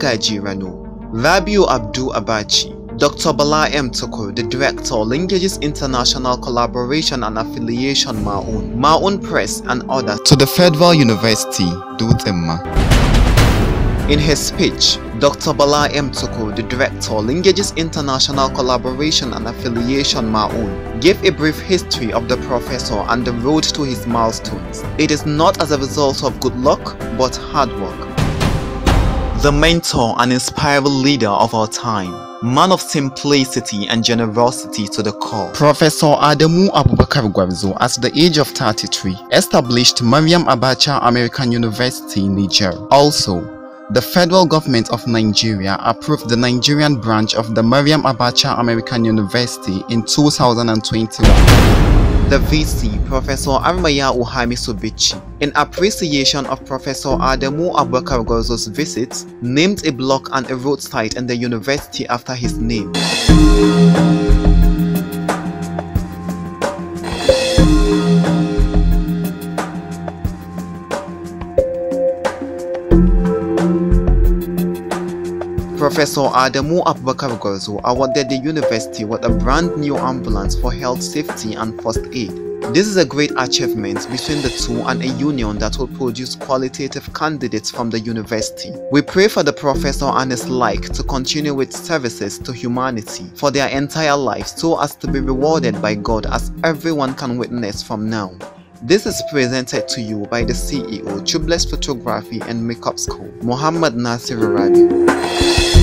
Kajirano, Ranu, Rabiu Abdul Abachi, Dr. Bala M. Tukur, the director, linkages international collaboration and affiliation Maun, Maun Press and others to the Federal University, Dutema. In his speech, Dr. Bala M. Tukur, the director, linkages international collaboration and affiliation Maun, gave a brief history of the professor and the road to his milestones. It is not as a result of good luck, but hard work the mentor and inspiring leader of our time, man of simplicity and generosity to the core. Professor Adamu Abubakar Gwabzo, at the age of 33, established Mariam Abacha American University in Niger. Also, the federal government of Nigeria approved the Nigerian branch of the Mariam Abacha American University in 2021 the VC, Professor Armaya Uhami Subichi, in appreciation of Professor Ademu Abubakar Gozo's visit, named a block and a road site in the university after his name. Professor Adamu Abubakar Gozo awarded the university with a brand new ambulance for health safety and first aid. This is a great achievement between the two and a union that will produce qualitative candidates from the university. We pray for the professor and his like to continue with services to humanity for their entire lives so as to be rewarded by God as everyone can witness from now. This is presented to you by the CEO, Tubeless Photography and Makeup School, Mohammad Nasir Rabi.